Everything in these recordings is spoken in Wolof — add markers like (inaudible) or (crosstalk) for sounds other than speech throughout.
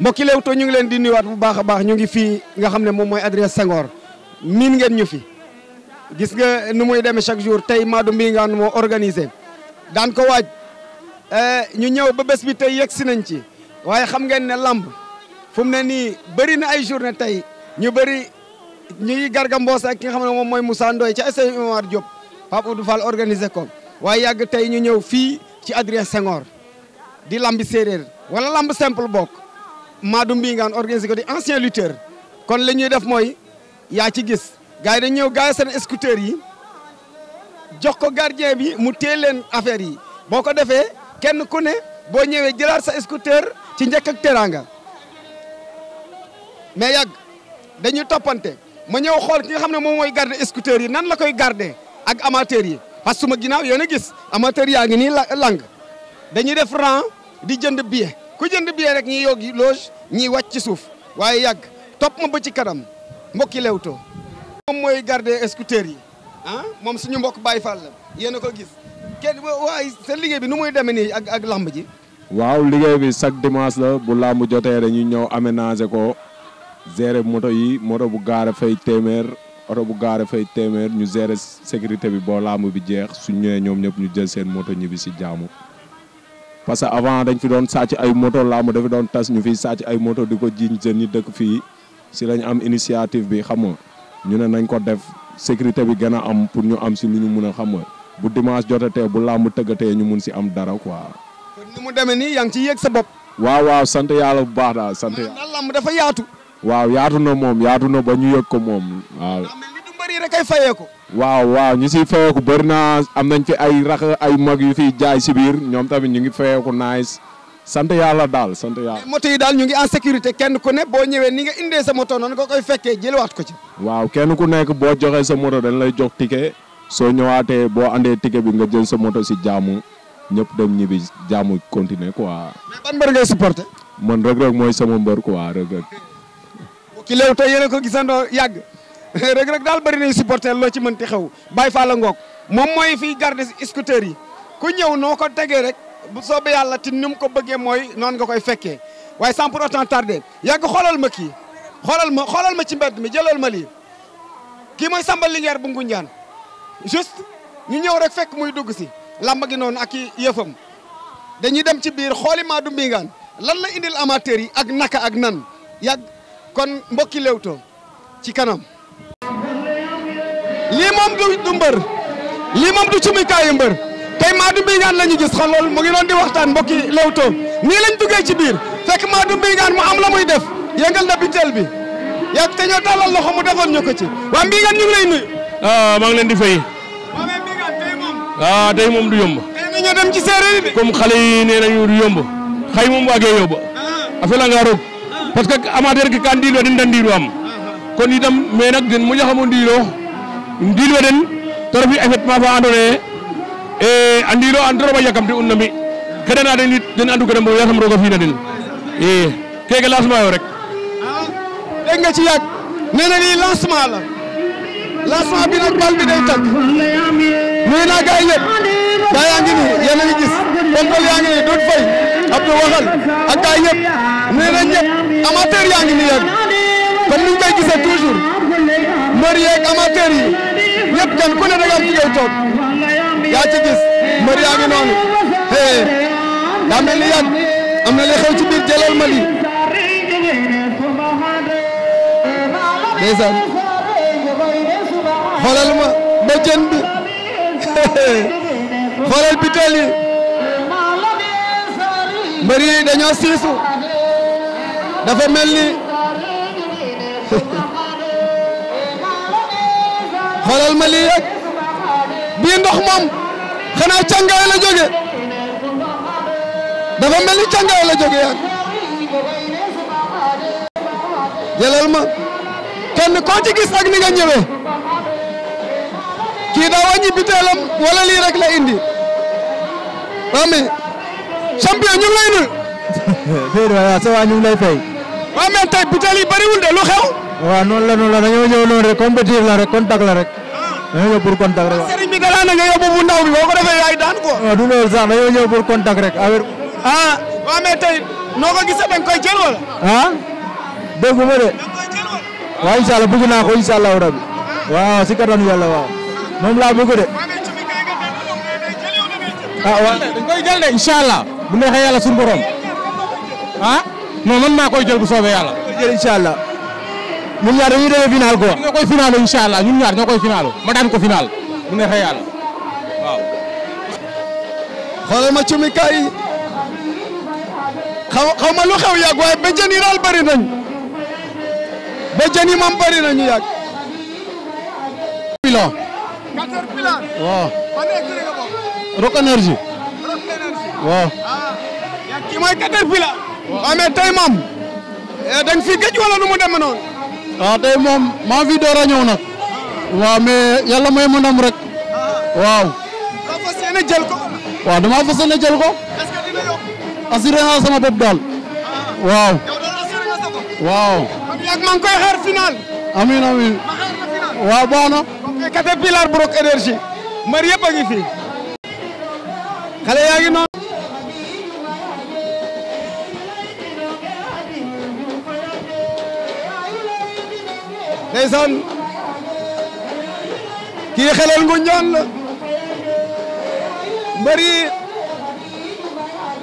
mbokki Leewtoo ñu ngi leen di nuyuwaat bu baax baax ñu ngi fii nga xam ne moom mooy Adrien Senghor miin ngeen ñu fi gis nga nu muy demee chaque jour tey Madou Mbingaan moo organisé daan ko waaj eh, ñu ñëw ba bés bi tey yegg si nañ ci waaye xam ngeen ne lamb fu mu ne nii bëri na ay journée tey ñu bëri ñuy Garga Mbossé ak ki nga xam ne moom mooy Moussa Ndoye ci stade Iba Mar Diop Pape Oudou Fall organisé ko waaye yàgg tey ñu ñëw fii ci Adrien Senghor di lambi séeréer wala lamb simple bokk Madou Mbingaan organisé ko di ancien lutteur kon li ñuy def mooy yaa ci gis gars yi ñëw gars yi seen yi jox ko gardien bi mu téel leen affaire yi boo ko defee kenn ku ne boo ñëwee jëlaat sa scooter ci njëkk ak teraanga mais yàgg dañuy toppante ma ñëw xool ki nga xam ne moom mooy garder scooters yi nan la koy garder ak amateurs yi parce suma ginnaaw yéen a gis amateurs yaa ngi nii lang dañuy def rang di jënd billet ku jënd billet rek ñiy yoggi loge ñiy wàcc ci suuf waaye yàgg topp ma ba ci kanam mbokki Leewtoo moom mooy garder scooter yi ah moom suñu mbokk baay fal la yéen a ko gis kenn waaye sa liggéey bi nu muy demee nii ak ak lamb ji waaw liggéey bi chaque dimanche la bu lamb jotee dañuy ñëw aménager ko gérer moto yi moto bu gaare fay téeméer oto bu gaare fay téeméer ñu gérer sécurité bi boo lamb bi jeex suñ ñëwee ñoom ñëpp ñu jël seen moto ñibbi si jaamu parce que avant dañ fi doon sàcc ay moto làmb dafi doon tas ñu fi sàcc ay moto di ko jiiñ jeunes yi dëkk fii si lañ am initiative bi xam nga ñu ne nañ ko def sécurité bi gën a am pour ñu am si lu ñu mun a xam nga bu dimanche jotatee bu làmb tëggatee ñu mun si am dara quoi. kon ni mu demee nii yaa ngi ciy sa bopp. waaw waaw yàlla bu baax daal sant yàlla. làmb dafa yaatu. waaw yaatu na moom yaatu na ba ñu yëg ko moom waaw. li du mbëri rek ay fayee ko. waaw waaw ñu siy fayeeku bëri na am nañ fi ay rax ay mag yu fiy jaay si biir ñoom tamit ñu ngi fayeeku nice sant yàlla daal sant yàlla. moto yi daal ñu ngi en sécurité kenn ku nekk boo ñëwee ni nga indee sa moto noonu nga koy fekkee jëlawaat ko ci. waaw kenn ku nekk boo joxee sa moto dañ lay jox ticket soo ñëwaatee boo andee ticket bi nga jël sa moto si jaamu ñëpp dem ñibbi jaamu continuer quoi. mais ban mbër ngay supporter. man Reug Reug mooy sama mbër quoi Reug Reug. ki léew tey yéen a yàgg. (laughs) Reug Reug daal bëri nañ supporter loo ci ti xew Baye Fall ngook moom mooy fii garde scooter yi ku ñëw noo ko tegee rek bu soobee yàlla ti ni mu ko bëggee mooy noonu nga koy fekkee waaye sans pour autant tarder yàgg xoolal ma ki xoolal ma xoolal ma ci mbedd mi jëlal ma lii kii mooy Samba Linguère bu Ngunjaan juste ñu ñëw rek fekk muy dugg si làmbagi noon noonu ak i yëfam dañuy dem ci biir xooli maa du mbingaan lan la indil amateur yi ak naka ak nan yàgg kon mbokki Leewtoo ci kanam lii moom du du mbër lii moom du cumikaayu mbër tey Maadou Mbingaan la ñu gis xam loolu mu ngi doon di waxtaan mbokki Leewtoo nii lañ duggee ci biir fekk Maadou Mbingaan mu am la muy def yëngal na biteel bi yàgg te ñoo tàllal loxo mu defoon ñu ko ci waa Mbingaan ñu ngi lay nuyu. Ah, leen di fay. waaw mais ah, tey moom. du yomb. tey nga ci séeréer bi. comme yi nee nañu du yomb xëy moom waagee yomb. a fela roog parce que amateur ki kan ndiilo den da ndiilo am ah, kon itam mais nag den moƴa xamo ndiilwe den ta ref a fet ma fa andoona yee e a ndiil o an trop a yakamti un na den it den andu ke da mbog yaasam roog a a den i eh, keke lancement yo rek ah, dégg ci yàgg nee na lii lancement la lancement bi nag bal bi day tàgg nuyu naa gars yi yaa ngi nii yéen a gis contrôle yaa ngi nii Doudou Faye Abdou Waxal ak gars yëpp nuyu nañ ñëpp yaa ngi nii yàgg comme ni ñu koy gisee toujours mbër yeeg amateur yi ñëpp kenn ku ne da toog yaa ci gis mbër yaa ngi noonu hey daa li xew ci biir jëlal ma lii. ba jën bi (laughs) xoolal bitel yi mbër yi dañoo dafa mel (laughs) xoolal ma lii rek bii ndox moom xanaa càngaay la jóge dafa mel ni càngaay jóge yaa jëlal ma kenn koo ci ak ni nga ñëwee kii daa wàññi biteelam wala la indi waa mais champion ñu ngi lay nuyu. Seydou (laughs) waaw sa waa ñu lay fay. waa mais tey biteel bariwul de lu xew. waaw noonu la noonu la dañoo ñëw noonu rek compétir la rek contact la rek. dañoo ñëw pour contact rek. sëriñ bi dalaa ah, du loolu sax dañoo ñëw pour contact rek affaire. ah waaw mais tey noo ko gisee da nga koy jël wala. ah dégguma de. waaw incha naa ko incha yàlla waaw. moom laa bëgg de. ah waaw dañ koy jël de incha allah. bu neexee yàlla suñu borom. ah non man maa koy jël bu soobee yàlla. jël ñun ñaar dañuy demee final quoi. ñoo koy final incha allah ñun ñaar ñoo koy final ma daan ko final mu neexee yàlla waaw. xoolal ma ci mi kaay xaw xaw ma lu xew yàgg waaye bëjën yi daal bëri nañu bëjën yi moom bëri nañu yàgg. Pilon. waaw. Rock Énergie. waaw. Ah. kii mooy Caterpillar. waaw ah, mais tey moom. Eh, da nga fi gëj wala nu mu demee noonu. waaw moom maa fi door a ñëw nag. waaw mais yàlla may ma rek. waaw. waaw fas jël ko. waaw damaa fas jël ko. est-ce que dina yokk. sama bopp daal. Ah. waaw. waaw. kon koy xaar final. amiin amiin. waaw baax na. Caterpillar Brock énergie. mbër yëpp fi. xale yaa ngi ndeysaan kii xelal ngu ñoon la mbër yi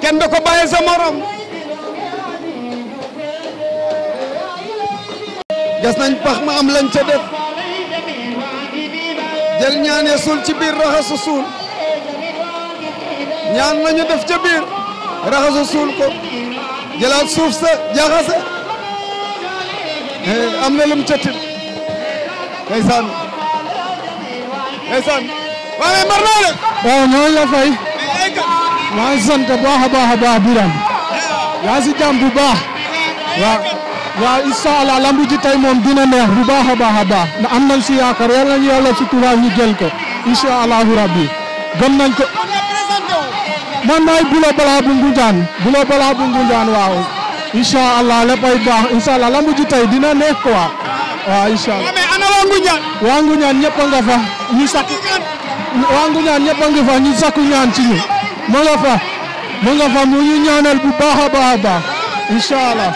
kenn da ko bàyyi sa morom gas nañ pax ma am lañ ca def jël ñaane suul ci biir raxasu suul ñaan nañu def ca biir suul ko jëlaat suuf sa jaxase eh, am na lum ca tibb ndeysaan ndeysaan waaye mar naa de la fay maa ngi sant baax a baax a baax biram yaa si jàmm bu baax waaw waaw allah lambu ji moom dina neex bu baax a baax a baax na am nañ si yaakaar yal nañu yàlla si tubaab ñu jël ko incha allahu rabbi gëm nañ ko man maay bulo balaa bu Ngunjaan bulo balaa bu Ngunjaan waaw incha allah léppay baax incha allah lambu ji dina neex quoi waaw incha allah ana waa Ngoundiane. waa ñu sakku. ñaan ci ñu. mu nga mu ñu ñaanal bu baax a baax a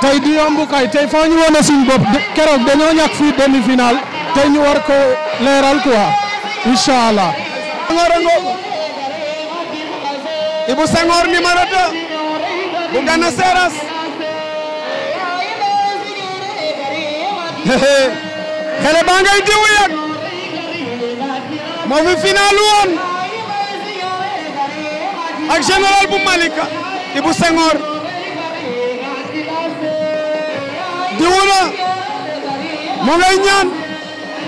tey du yomb tey foo ñu wane bopp keroog dañoo ñàkk fii demi final tey ñu war leeral quoi incha allah. Ibou Senghor numéro bu Gana xale baa ngay diw moo fi finalu woon ak général bu Malika Ibou Senghor diwu na mu ngay ñaan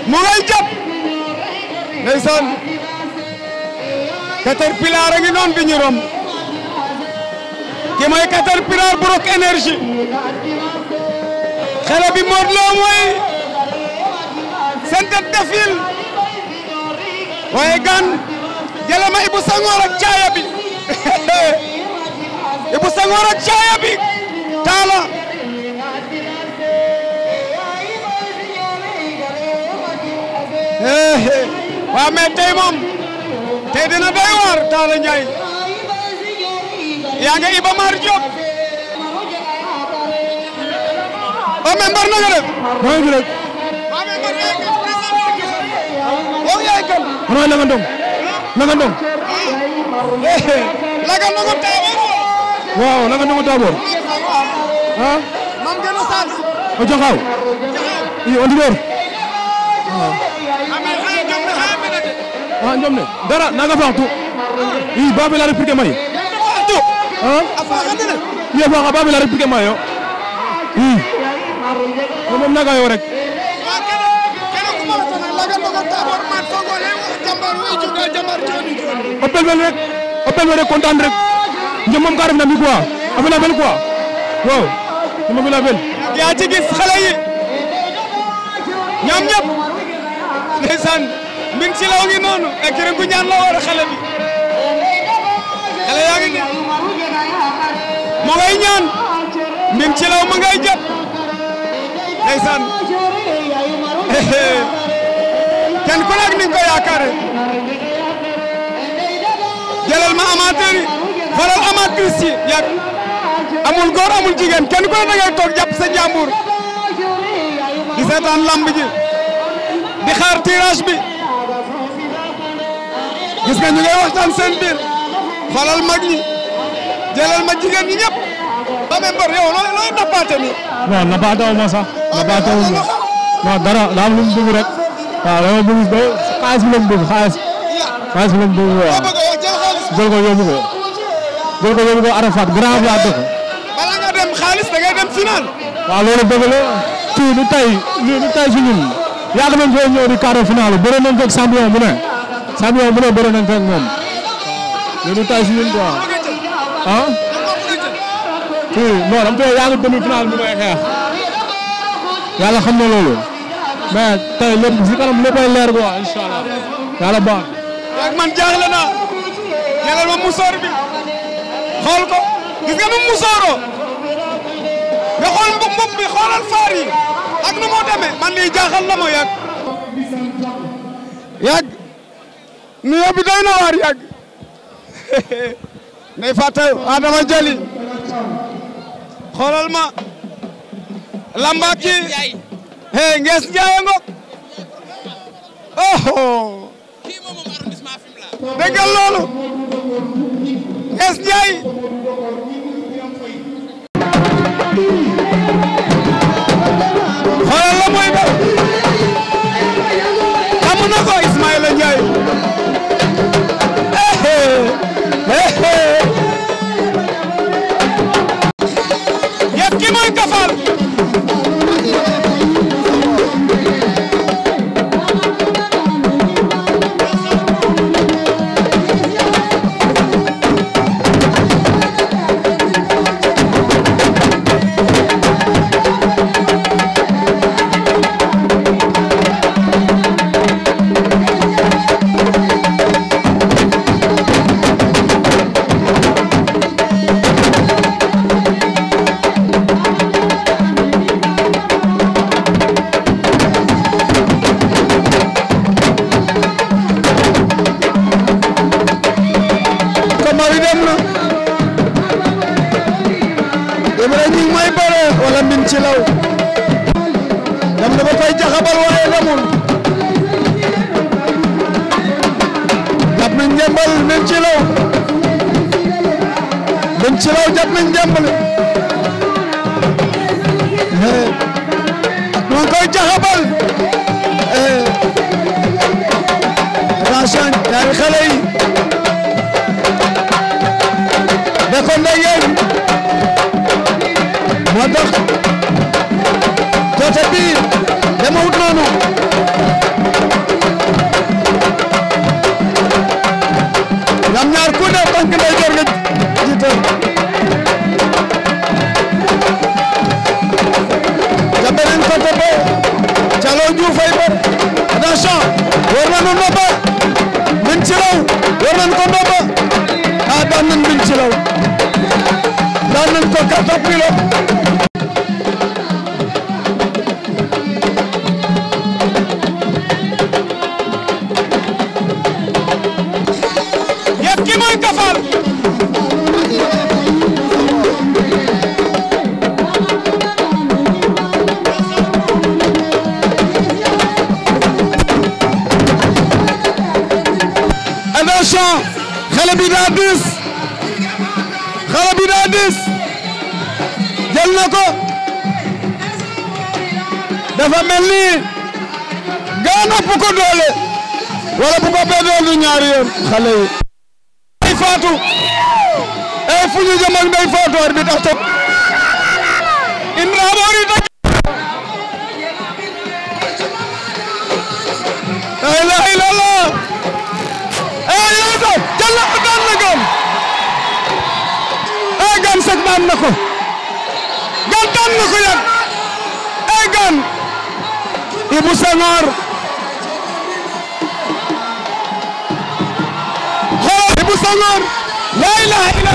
mu ngay jàpp ndeysaan caterpillar a ngi noon ñu romb ki mooy caterpillar bu rok xale bi Modou Lo mooy seen tête d'affiche waaye gan jëlema Ibou Senghor ak caaya bi (laughs) Ibou Senghor taala waa mais moom tey dina doy waar Talla Ndiaye yaa nga Iba Mar Diop mais nga def. maa ngi rek. Eh, waaw waaw yaay taaboor. ah. man gën a saal. o jaxaaw. i o ah njom ne dara na nga faxtu. i baabi la réplique may. ah. a faaxante ne. i a faaxa baabi la réplique may yo. Oh. i. moom moom naka yow rek. waaw ku ma la sonal la nga doog a taaboor man foogoo leen jàmbaar way jógee jàmbaar jooni appel rek kontaan rek ñoom moom ka mi quoi affaire la bel quoi waaw ñu ma fi yaa ci gis xale yi ñoom ñëpp ndeysaan mbir ngi noonu ak keneen ñaan la war a xale bi ñaan mbir si law ma ndeysaan kenn ku nekk ni ko yaakaare jëlal ma amateur yi faral amatrice yi yàgg amul góor amul jigéen kenn ku ne da ngay toog jàpp sa jàmbur di seetaan lamb ji di xaar tirage bi gis nga ñu ngay waxtaan seen biir falal mag ñi jëlal ma jigéen ñi ñëpp ba me mbër yow looy looy nappaate ni non nappaate wu ma sax ma daa tawul la non dara daa am lu mu bëgg rek waaw dama bëgg ba xaalis bi la mu bëgg xaalis xaalis bi la mu bëgg waaw jël ko yóbbu ko jël ko yóbbu ko Arafat grand laa dëkk. bala nga dem xaalis da ngay dem final. waaw loolu dëgg la kii du tey lii du tey si ñun yàgg nañ fee ñëw di quart de finale bëre nañ fekk champion bu ne champion bu ne bëre nañ fekk moom lii du tey si ñun quoi ah. kii non dama fee yàgg demi final bi may xeex. yàlla xam na loolu mais tey lépp si kanam léppay leer quoi incha allah yàlla baax. yaa man jaaxle naa yàlla ma musoor bi xool ko gis nga nu mu musooroo nga xool mbub mbub bi xoolal faar yi ak nu moo demee man lii jaaxal na ma yàgg. yàgg nuyoo bi doy na waar yàgg (laughs) nay fàttali Adama Jali xoolal ma. Lambaki hey Ngees Njaay ngok oh loolu Ngees Njaay jëm ci law nañu ndomba min ci raw war nañu ko ndomba ah daan nañu min ci raw a xale bi daa diis dafa mel ni gaan ëpp doole wala bu bee dool du xale yi. Ndeye Fatou eh fu ñu jëm ak Ndeye na ko gaan daan na ko yàgg ay gaan Ibou Senghor xoolal Ibou Senghor laa ilaha illa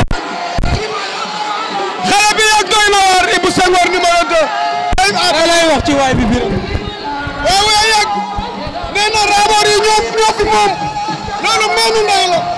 xale bi yàgg doy na waar Ibou Senghor numéro 2 ay lay wax ci waay bi biir waaw waaye yàgg nee na raaboor yi ñoom ñoo fi moom loolu meenu ndey la